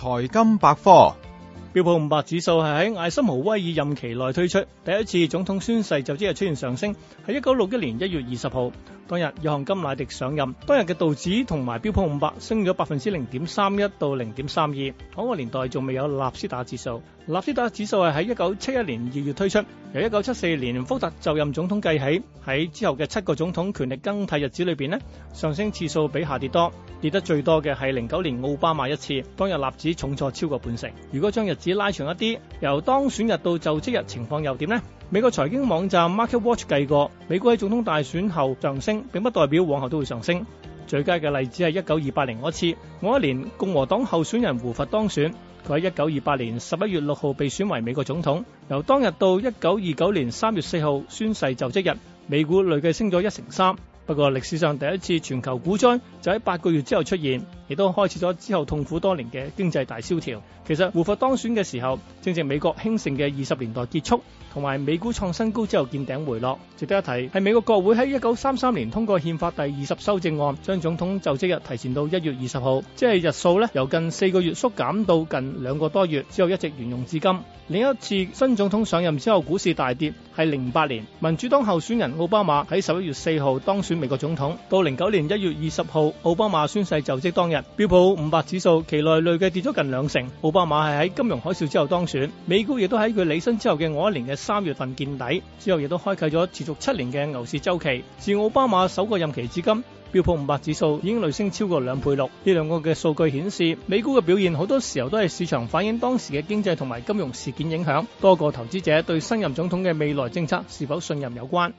財金百科，標普五百指數係喺艾森豪威爾任期內推出，第一次總統宣誓就職日出現上升，係一九六一年一月二十號。當日，約翰甘乃迪上任。當日嘅道指同埋標普五百升咗百分之零點三一到零點三二。嗰個年代仲未有納斯達指數。納斯達指數係喺一九七一年二月推出，由一九七四年福特就任總統計起，喺之後嘅七個總統權力更替日子裏邊呢，上升次數比下跌多。跌得最多嘅係零九年奧巴馬一次。當日納指重挫超過半成。如果將日子拉長一啲，由當選日到就職日情況又點呢？美國財經網站 MarketWatch 計過，美股喺總統大選後上升，並不代表往後都會上升。最佳嘅例子係一九二八年嗰次，嗰一年共和黨候選人胡佛當選，佢喺一九二八年十一月六號被選為美國總統，由當日到一九二九年三月四號宣誓就職日，美股累計升咗一成三。不過，歷史上第一次全球股災就喺八個月之後出現。亦都開始咗之後痛苦多年嘅經濟大蕭條。其實胡佛當選嘅時候，正值美國興盛嘅二十年代結束，同埋美股創新高之後見頂回落。值得一提係美國國會喺一九三三年通過憲法第二十修正案，將總統就職日提前到一月二十號，即係日數呢由近四個月縮減到近兩個多月，之後一直沿用至今。另一次新總統上任之後股市大跌係零八年，民主黨候選人奧巴馬喺十一月四號當選美國總統，到零九年一月二十號奧巴馬宣誓就職當日。標普五百指數期內累計跌咗近兩成，奧巴馬係喺金融海嘯之後當選，美股亦都喺佢履新之後嘅，我一年嘅三月份見底，之後亦都開啟咗持續七年嘅牛市周期。自奧巴馬首個任期至今，標普五百指數已經累升超過兩倍六。呢兩個嘅數據顯示，美股嘅表現好多時候都係市場反映當時嘅經濟同埋金融事件影響，多個投資者對新任總統嘅未來政策是否信任有關。